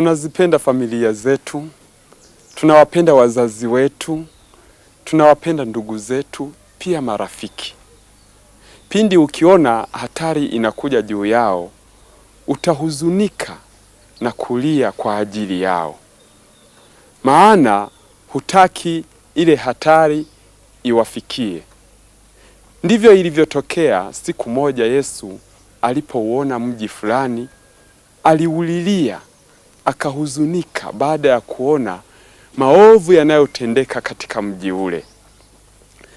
Tunazipenda familia zetu, tunawapenda wazazi wetu, tunawapenda ndugu zetu, pia marafiki. Pindi ukiona hatari inakuja juu yao, utahuzunika na kulia kwa ajili yao, maana hutaki ile hatari iwafikie. Ndivyo ilivyotokea siku moja Yesu alipouona mji fulani, aliulilia akahuzunika baada ya kuona maovu yanayotendeka katika mji ule.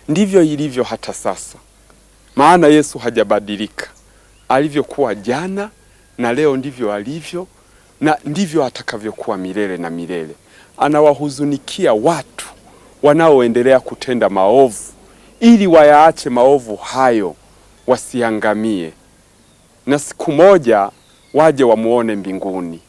Ndivyo ilivyo hata sasa, maana Yesu hajabadilika. Alivyokuwa jana na leo ndivyo alivyo na ndivyo atakavyokuwa milele na milele. Anawahuzunikia watu wanaoendelea kutenda maovu ili wayaache maovu hayo wasiangamie, na siku moja waje wamuone mbinguni.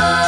love.